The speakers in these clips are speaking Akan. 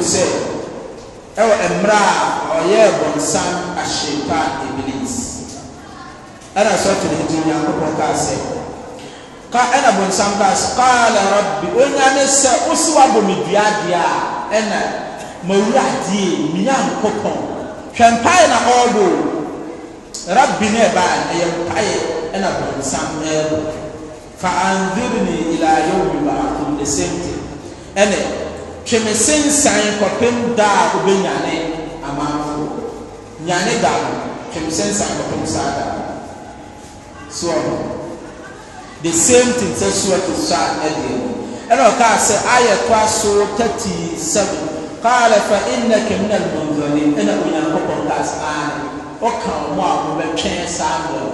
mu sɛ ɛwɔ mmerɛ a ɔyɛɛ bɔnsam ahyempa ibilis ɛna sɔtene nti nyankopɔn kaa sɛ ka ɛna bɔnsam kaa sɛ kaala rabbi onyame sɛ wosi wabɔ me dua adeɛ a ɛna mawura adeɛ mi nyankopɔn hwɛ mpae na ɔrebɔ rabbi ne ɛbaa ɛyɛ mpae ɛna bɔnsam ɛrebɔ fa anzirni ila yawmi ba'athun the same thing ɛne tweme sensan kɔpem da a nyane amanfo nyane da no tweme sensan kɔpem saa da soɔ no the same thing sɛ soɔ te so a ɛdeɛ no ɛna ɔkaa sɛ ayɛ toa so 37 قال فإنك من المنظرين أنا أنا كوبون كاس آن أكا ما وبتشين سامبل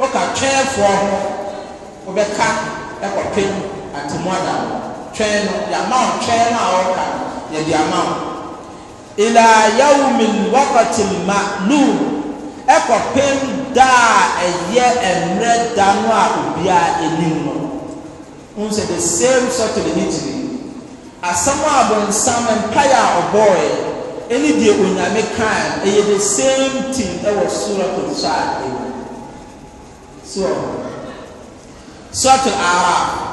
أكا تشين فوه وبكا أكو بين أتمنى twɛn no yɛama wo twɛn no a ɔka no yɛde ama wo ila yawmin wakatin ma'lum ɛkɔpem da a ɛyɛ mmerɛ da no a obiara anim no n sɛ the same sort of hitiri asɛm a bɔnsam mpaeɛ a ɔbɔɔɛ ɛne deɛ onyame kaa ɛyɛ the same thing ɛwɔ soroto nso a ɛwɔ so soroto ara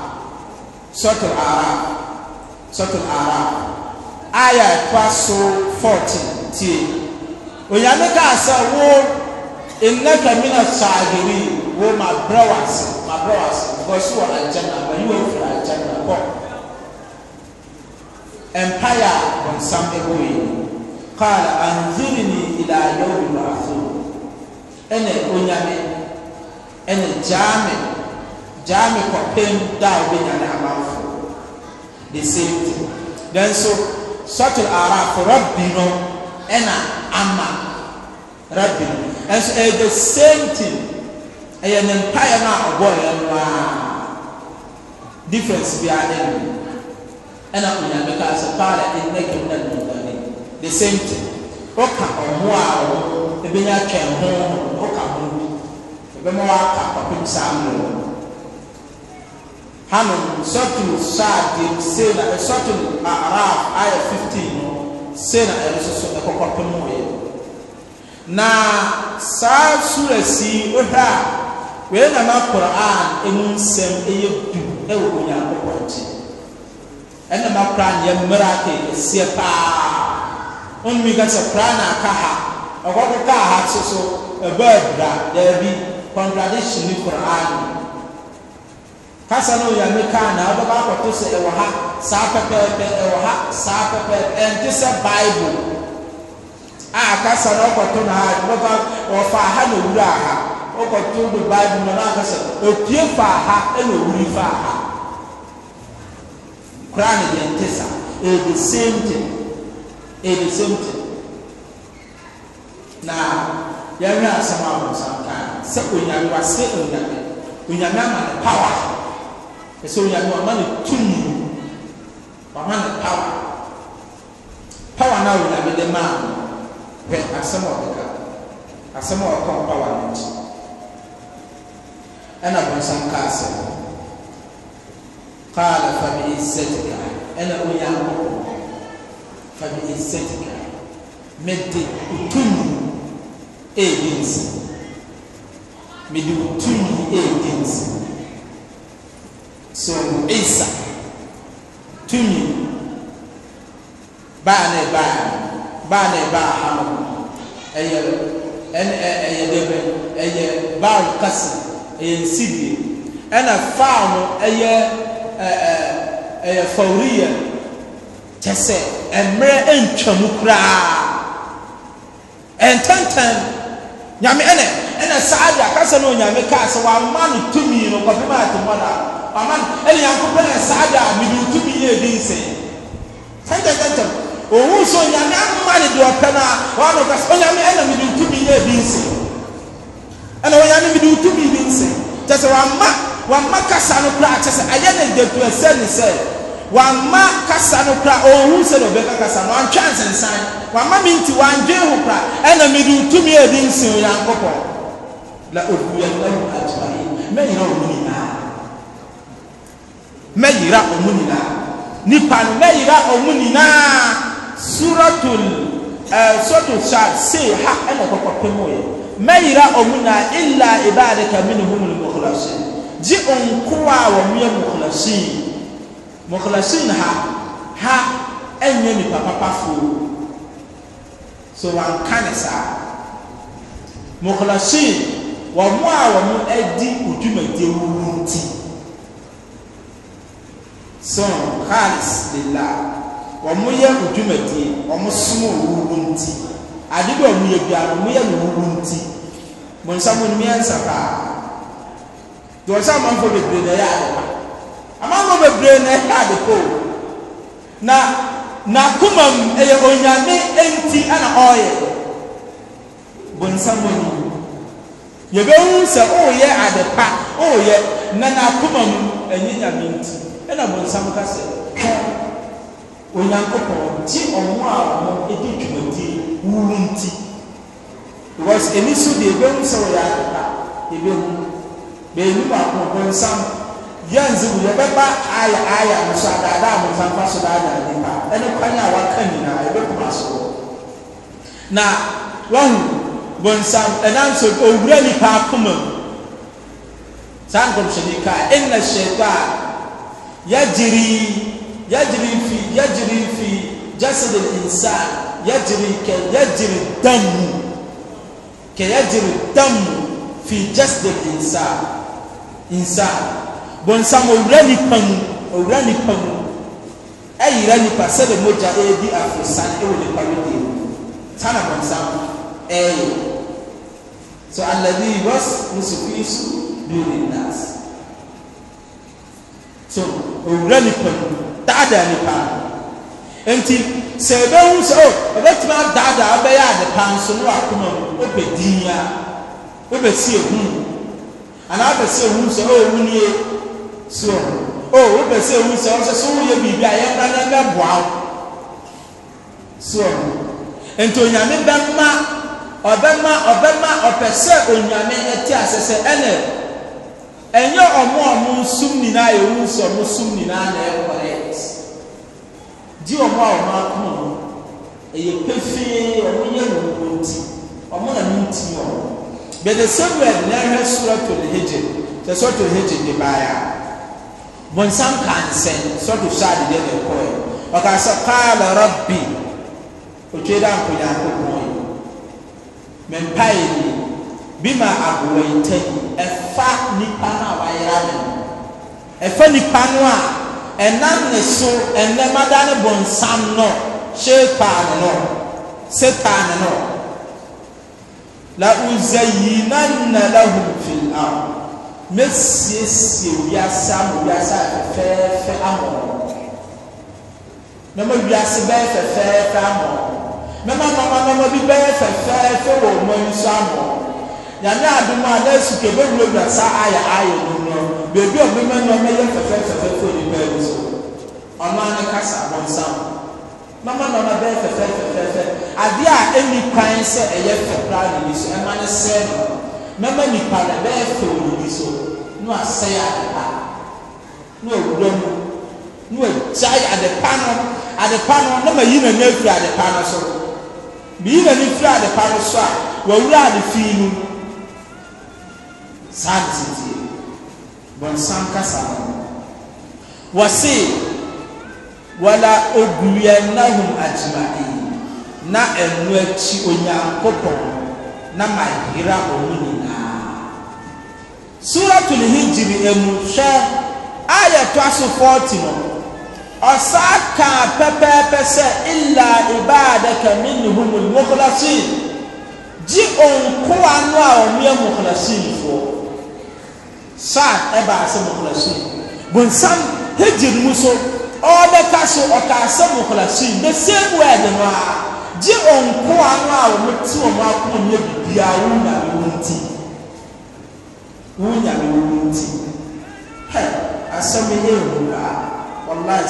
suratul ara, suratul ara. aya ɛfa so fourteen tie onyame kaa wo nnaka mina saagiri wo ma brɛ wo ase ma brɛ wo ase because wɔ ma yi wɔ efiri agyanna kɔ empire bɔnsam ɛwɔ yi kaala anzirini ila yawmi ba'athu ɛna onyame ɛna gyaame gyaame kɔpem da a wɔbɛnya the same thing then so such suratul araf rabbi no ɛna ama rabbi no ɛnso ɛyɛ eh, the same thing ɛyɛ ne mpaeɛ no a ɔbɔ yɛ no aa difference bi ade no ɛna onyame ka sɛ paala ɛnna kemna no ɔbɛne the same thing ɔka ɔmo a ɔwɔ ebenya twɛn ho ɔka ho bi ɛbɛma waka papa bi saa mo wɔ no hanom sɔtum saadi se na eh, sɔtum araf ayɛ fifteen no se eh, eh, na ɛno soso ɛkɔkɔ pem wɔ yɛ na saa sura si wohwɛ a wei na ma koran emu nsɛm ɛyɛ du ɛwɔ onyankopɔ akyi ɛna ma koran yɛ mmerɛ ake ɛsiɛ paa ɔnumi ka sɛ koran na aka ha ɔkɔkɔ kaa ha soso ɛbɛ ɛbra daabi contradiction ni koran no kasa no yɛ kaa na wobɛba akɔto sɛ ɛwɔ ha saa pɛpɛɛpɛ ɛwɔ ha saa pɛpɛɛpɛ ɛnte sɛ bible a kasa no ɔkɔto na ha wobɛba ɔfa ha na owura ha ɔkɔto do bible na ɔka sɛ opie fa ha ɛna owuri fa ha koraa ne deɛ nte sa ɛyɛ the same thing ɛyɛ the same thing na yɛhwɛ asɛm a wɔn nsa kaa sɛ onyame wase onyame onyame ama ne power ɛsɛ onyame wama ne tum wama ne power power no a onyame de maa no hwɛ asɛm a ɔbɛka asɛm a ɔkɔn power no akyi ɛna bɔnsam kaa sɛ qaala fa bi izzatika ɛna onyankopɔn fa bi izzatika mede otum ɛɛdi nsi mede otum ɛɛdi nsi soro ɛsa tumi baa na ɛbaa baa na ɛbaa ha no ɛyɛ ɛn ɛ ɛyɛ dɛbɛ ɛyɛ baal kasa ɛyɛ nsibie ɛna faa no ɛyɛ ɛɛ ɛyɛ fawuriyɛ kyɛ sɛ mmerɛ ntwam koraa ɛntɛntɛn nyame ɛnɛ ɛnɛ saa adi akasa na onyame kaa sɛ wama no tumi no kɔfim a ɔman ɛne yankopɔ na saa da mede wotumi yɛ bi nsɛ tɛntɛntɛntɛm ɔhu so nyame ama ne deɛ ɔpɛ no a ɔanɔka sɛ onyame ɛna mede wotumi yɛ bi nsɛ ɛna onyame mede wotumi bi nsɛ kyɛ ama wamma ama kasa no koraa kyɛ sɛ ɛyɛ ne datuasɛ ne sɛ ama kasa no koraa ɔhu sɛ deɛ ɔbɛka kasa no wantwa nsensan wamma me nti wandwe ho koraa ɛna mede wotumi yɛ bi nsɛ onyankopɔn la ɔduannahu ajmain mɛnyina ɔmuni mɛyira ɔmo nyinaa nipa no mɛyira ɔmo nyinaa suratul ɛɛ suratul shad sei ha ɛna kɔkɔ pɛm yɛ mɛyira ɔmo nyinaa illa ibadaka minhum al-mukhlasin gye nkoa a wɔn yɛ mukhlasin mukhlasin ha ha ɛnyɛ nipa papafoɔ so wanka ne saa mukhlasin wɔn a wɔn adi odwumadie wɔn ti sɔn hans lela wɔn yɛ odwumadie wɔn som owururu nti ade bi a wɔn yɛ biara wɔn yɛ owururu nti wɔn nsa wɔn mmiɛnsa paa deɛ ɔsɛ amanfoɔ bebree na ɛyɛ ade amanfoɔ bebree na ɛyɛ ade ko na n'akoma mu ɛyɛ onyame nti ɛna ɔreyɛ bonsam wɔn yi yɛbɛhu sɛ ɔreyɛ adepa pa na na n'akoma mu ɛnyɛ nyame nti ɛna bɔnsam ka sɛ hɛ onyankopɔn gye ɔmo a ɔmo edi dwumadi wuru nti because ɛni so deɛ ebehu sɛ ɔyɛ adada ebehu beenu baako bɔnsam yɛnzi mu yɛbɛba aya aya no so adaada a bɔnsam fa so daada nipa ɛne kwan a waka nyinaa yɛbɛkuma so wɔ na wɔn bɔnsam ɛnam so owura nipa akoma mu saa nkɔmhyɛni kaa ɛnna shaitan yajiri yajiri fi yajiri fi jasad al-insan yajiri kɛ yajiri damu kɛ yajiri damu fi jasad al-insan insan bɔnsam owura nipa mu owura nipa mu ɛyira nipa sɛde mogya ɛɛdi e afosan ɛwɔ e nipa no deɛ saa na bɔnsam ɛɛyɛ e. so alladhi yuwas musu fi so so owura nipa daadaa nipa nti sɛ ɛbɛhu sɛ o ɛbɛtumi adaadaa abɛyɛ ade pa nso no akoma mu ɔbɛ din a ɔbɛ si ehu anaa ɔbɛ si ehu sɛ o ehu nie so o ɔbɛ si ehu sɛ ɔsɛ so wɔyɛ biribi a yɛn ba yɛn bɛ boa so nti onyame bɛ ma ɔbɛ ma ɔbɛ ma ɔpɛ sɛ onyame ɛte asɛsɛ ɛnɛ ɛnyɛ ɔmo a ɔmo nsum nyinaa yɛ ɔmo ɔmo sum nyinaa na ɛyɛ correct gye ɔmo a ɔmo akoma no ɛyɛ pefee ɔmo yɛ no ɔmo ti ɔmo na no ti ɔmo bɛtɛ samuel na ɛhwɛ sora to ne hegye tɛ sora to ne hegye ne baaya bɔnsam kansɛn sora to hyɛ adeɛ na ɛkɔɛ ɔka sɛ kaala rɔbi otwe dɛ akonnyanko kɔn mɛ mpae ni bi ma aboɛ ntɛ ɛf ɛfa nipa no a wayera ne no ɛfa nipa no a ɛnam ne so ɛnɛm ada ne bɔnsam no shepan no setan no la uzayinanna lahum fil ard mɛsiesie wiase ama wiase a fɛfɛɛfɛ ama wɔn na ma wiase bɛyɛ fɛfɛɛfɛ ama wɔn mɛma mama mama bi bɛyɛ fɛfɛɛfɛ wɔ wɔn nso ama wɔn nyame adum a na esu kebe wura saa ayɛ ayɛ wɔn beebi a ɔbɛma nneɛma yɛ fɛfɛ fɛfɛ fo nipa yi so ɔno ano kasa abɔnsam mama nneɛma bɛyɛ fɛfɛ fɛfɛ adeɛ a ɛni kwan sɛ ɛyɛ fɛkura ne bi so ɛma ne sɛɛ no mɛma nipa na bɛyɛ fɛ wɔ ne bi so no asɛe adepa no ewura mu no egyae adepa no adepa no na ma yi n'ani efiri adepa no so ma yi n'ani firi adepa no so a wɔwura ade fi mu saa ne tetie bɔnsam kasa no wɔse wala oduyanahum ajmain na ɛno akyi onyankopɔn na mahera wɔn nyinaa suratul hijiri emu hwɛ ayɛ to aso fɔɔti no ɔsaa kaa pɛpɛɛpɛ sɛ ila ibadaka minhum almukhlasin gye onkoa no a ɔmeɛ mukhlasinfoɔ saa ɛbaa sɛ mɔkɔlɔsin bonsam hegye mu so ɔrebɛka so ɔkaa sɛ mɔkɔlɔsin the same word no a gye ɔnkoa no a wɔn ti wɔn akoma nyɛ bibiara wɔn nyame wɔn ti wɔn nyame wɔn ti hɛ asɛm yɛ a ewu ɛnna yɛ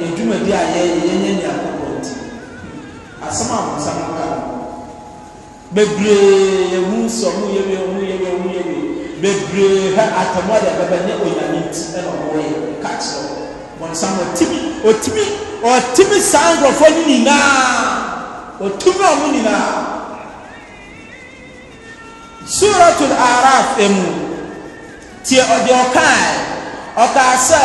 a yɛ yɛ nyɛ nyɛ akokɔ ti asɛm a wɔn nsa ka no. bebree ewu nsọ mu yɛ wie mu yɛ wie mu yɛ wie bebree ha atamu adi abɛbɛ nye onyame ti ɛna ɔmo yɛ kakyɛ wɔnsam ɔtimi ɔtimi ɔtimi saa nkorɔfoɔ no nyinaa ɔtumi ọmụ nyinaa suratul araf emu tie ɔdi ɔkae ɔkaa sɛ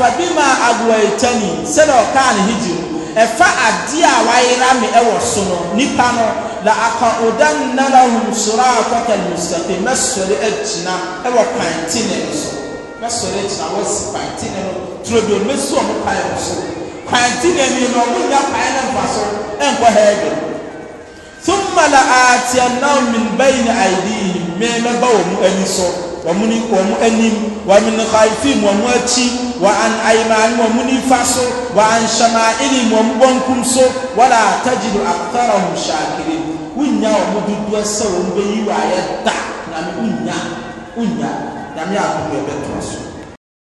sị na agoaitani na ɔkaa ne mụ. ɛfa adị a wayera me ɛwɔ so no nipa no. la akɔɔdanna lahum siraataka almustaqim mɛsɔre agyina ɛwɔ kwantene no so mɛsɔre agyina wɔsi kwantene no turodo no mɛsi wɔn kwan no so kwantene no no ɔmo nya kwan no mfa so ɛnkɔ hɛɛdo thumma la aatiyannahum min bayni aidihim mɛmɛba wɔn ani so wɔn ni wɔn anim wɔn ni khaifim wɔn akyi wɔn an aimaani wɔn nifa so wɔn an shama'ili wɔn bɔnkum so wala tajidu aktarahum shakirin wonya wɔn dodoɔ sɛ wɔn bɛyi wɔ ayɛ da nyame wonya wonya nyame akɔnɔ ɛbɛtɔ so.